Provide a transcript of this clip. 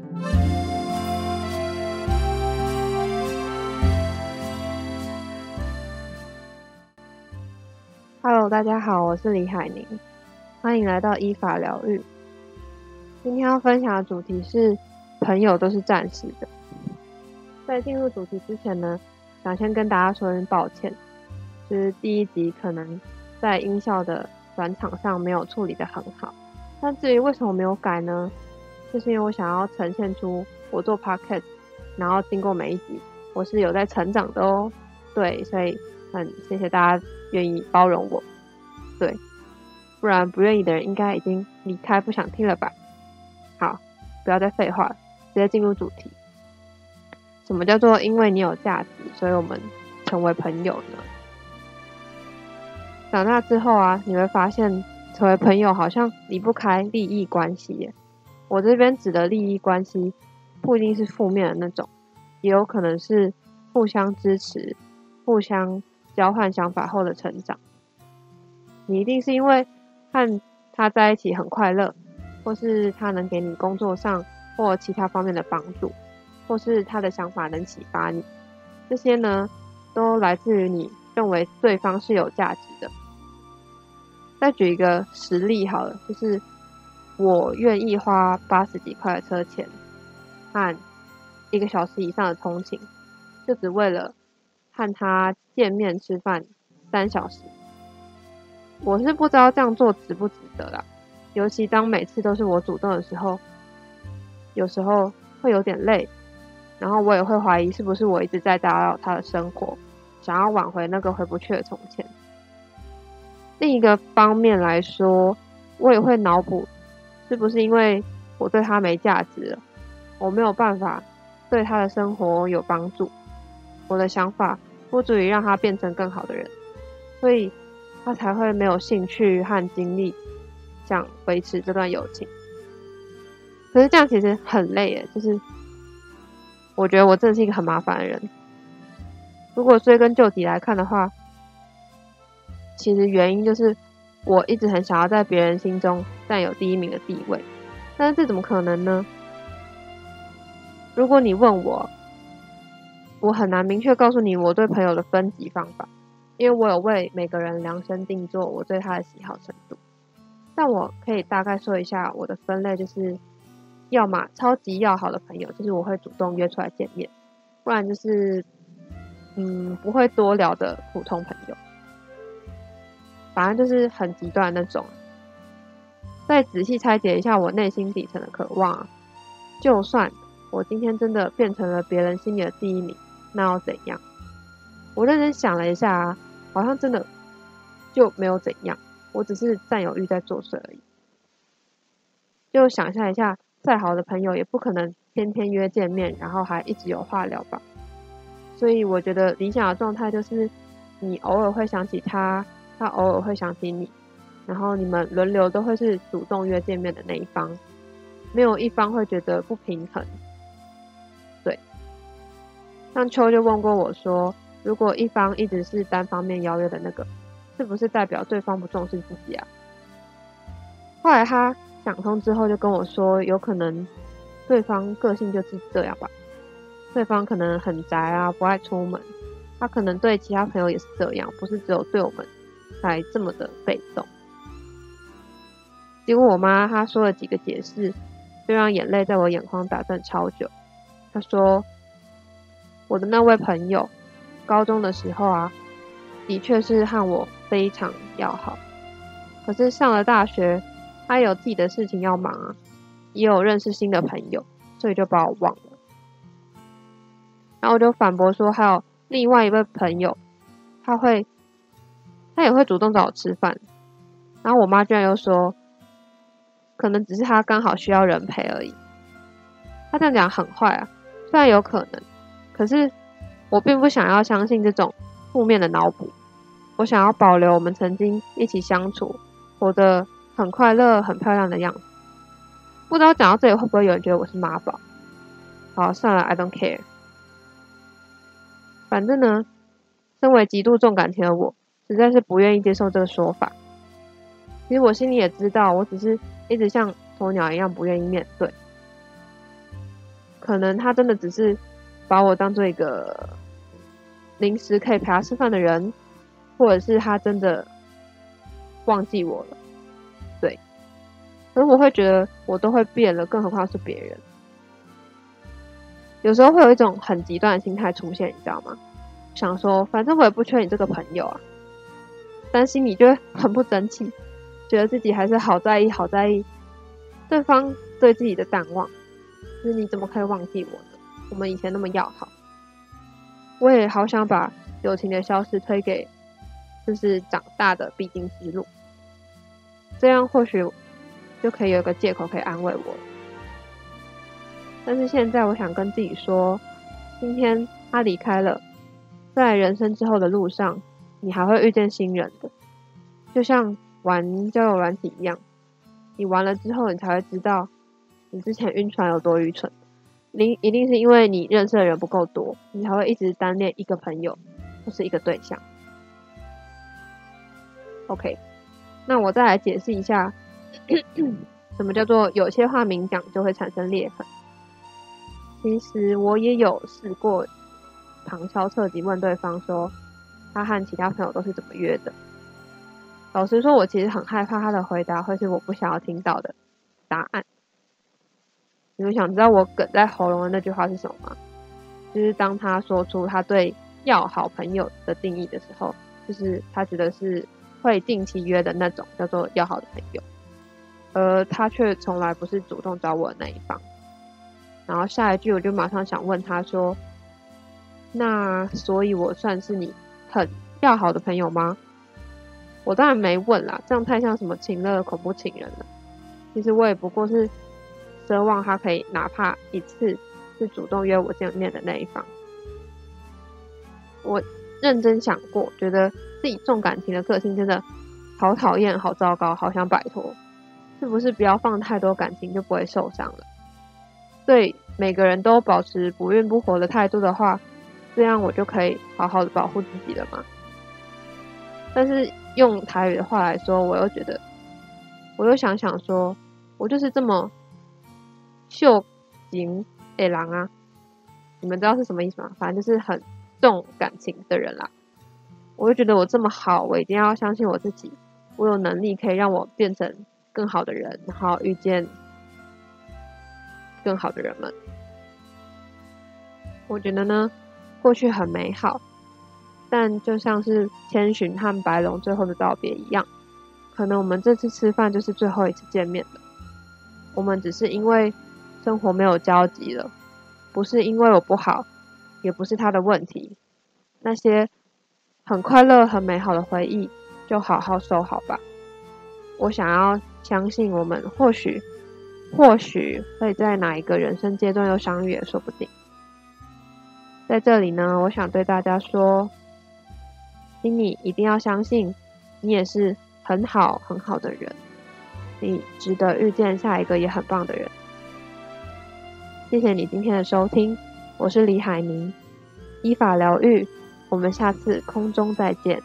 哈嘍，Hello, 大家好，我是李海寧，歡迎來到依法療癒。今天要分享的主題是朋友都是暫時的。在進入主題之前呢，想先跟大家說一聲抱歉，就是第一集可能在音效的轉場上沒有處理得很好。但至於為什麼沒有改呢？就是因為我想要呈現出我做 podcast，然後經過每一集，我是有在成長的哦。對，所以很謝謝大家願意包容我。對，不然不願意的人應該已經離開，不想聽了吧？好，不要再廢話，直接進入主題。什麼叫做因為你有價值，所以我們成為朋友呢？長大之後啊，你會發現成為朋友好像離不開利益關係耶。我這邊指的利益關係，不一定是負面的那種，也有可能是互相支持、互相交換想法後的成長。你一定是因為和他在一起很快樂，或是他能給你工作上或其他方面的幫助，或是他的想法能啟發你，這些呢，都來自於你認為對方是有價值的。再舉一個實例好了，就是。我願意花八十幾塊的車錢和一個小時以上的通勤，就只為了和他見面吃飯三小時。我是不知道這樣做值不值得啦，尤其當每次都是我主動的時候，有時候會有點累，然後我也會懷疑是不是我一直在打擾他的生活，想要挽回那個回不去的從前。另一個方面來說，我也會腦補。是不是因為我對他沒價值了？我沒有辦法對他的生活有幫助，我的想法不足以讓他變成更好的人，所以他才會沒有興趣和精力想維持這段友情。可是這樣其實很累誒，就是我覺得我真的是一個很麻煩的人。如果追根究底來看的話，其實原因就是我一直很想要在別人心中，佔有第一名的地位，但是這怎麼可能呢？如果你問我，我很難明確告訴你我對朋友的分級方法，因為我有為每個人量身定做我對他的喜好程度。但我可以大概說一下我的分類，就是要嘛超級要好的朋友，就是我會主動約出來見面，不然就是嗯，不會多聊的普通朋友。反正就是很極端的那種。再仔細拆解一下我內心底層的渴望啊，就算我今天真的變成了別人心裡的第一名，那又怎樣？我認真想了一下，好像真的就沒有怎樣，我只是占有欲在作祟而已。就想象一下，再好的朋友也不可能天天約見面，然後還一直有話聊吧。所以我覺得理想的狀態就是，你偶爾會想起他，他偶爾會想起你。然後你們輪流都會是主動約見面的那一方，沒有一方會覺得不平衡。對，像秋就問過我說，如果一方一直是單方面邀約的那個，是不是代表對方不重視自己啊？後來他想通之後就跟我說，有可能對方個性就是這樣吧，對方可能很宅啊，不愛出門，他可能對其他朋友也是這樣，不是只有對我們才這麼的被動。結果我媽，她說了幾個解釋，就讓眼淚在我眼眶打轉超久。她說：“我的那位朋友，高中的時候啊，的確是和我非常要好。可是上了大學，他有自己的事情要忙啊，也有認識新的朋友，所以就把我忘了。”然後我就反駁說：“還有另外一位朋友，他會，他也會主動找我吃飯。”然後我媽居然又說。可能只是他剛好需要人陪而已。他這樣講很壞啊！雖然有可能，可是我並不想要相信這種負面的腦補。我想要保留我們曾經一起相處、活得很快樂、很漂亮的樣子。不知道講到這裡會不會有人覺得我是媽寶？好，算了，I don't care。反正呢，身為極度重感情的我，實在是不願意接受這個說法。其實我心裡也知道，我只是……一直像鴕鳥一樣不願意面對，可能他真的只是把我當做一個臨時可以陪他吃飯的人，或者是他真的忘記我了，對。可是我會覺得我都會變了，更何況是別人。有時候會有一種很極端的心態出現，你知道嗎？想說反正我也不缺你這個朋友啊，擔心你就很不爭氣。覺得自己還是好在意，好在意對方對自己的淡忘。那你怎麼可以忘記我呢？我們以前那麼要好。我也好想把友情的消失推給這是長大的必經之路，這樣或許就可以有一個借口可以安慰我了。但是現在，我想跟自己說，今天他離開了，在人生之後的路上，你還會遇見新人的，就像。玩交友軟體一樣，你玩了之後，你才會知道你之前暈船有多愚蠢。你一定是因為你認識的人不夠多，你才會一直單戀一個朋友或是一個對象。OK，那我再來解釋一下， 什麼叫做有些話明講就會產生裂痕。其實我也有試過旁敲側擊問對方說，他和其他朋友都是怎麼約的。老實說，我其實很害怕他的回答會是我不想要聽到的答案。你們想知道我哽在喉嚨的那句話是什麼嗎？就是當他說出他對要好朋友的定義的時候，就是他覺得是會定期約的那種叫做要好的朋友，而他卻從來不是主動找我的那一方。然後下一句我就馬上想問他說：“那所以我算是你很要好的朋友嗎？”我當然沒問啦，這樣太像什麼情勒恐怖情人了。其實我也不過是奢望他可以哪怕一次是主動約我見面的那一方。我認真想過，覺得自己重感情的個性真的好討厭、好糟糕、好想擺脫。是不是不要放太多感情就不會受傷了？對每個人都保持不溫不火的態度的話，這樣我就可以好好的保護自己了嗎？但是。用台語的話來說，我又覺得，我又想想說，我就是這麼秀情，誒狼啊！你們知道是什麼意思嗎？反正就是很重感情的人啦。我就覺得我這麼好，我一定要相信我自己，我有能力可以讓我變成更好的人，然後遇見更好的人們。我覺得呢，過去很美好。但就像是千尋和白龍最後的道別一樣，可能我們這次吃飯就是最後一次見面了。我們只是因為生活沒有交集了，不是因為我不好，也不是他的問題。那些很快樂、很美好的回憶，就好好收好吧。我想要相信，我們或許或許會在哪一個人生階段又相遇也說不定。在這裡呢，我想對大家說。請你一定要相信，你也是很好很好的人，你值得遇見下一個也很棒的人。謝謝你今天的收聽，我是李海明，依法療癒，我們下次空中再見。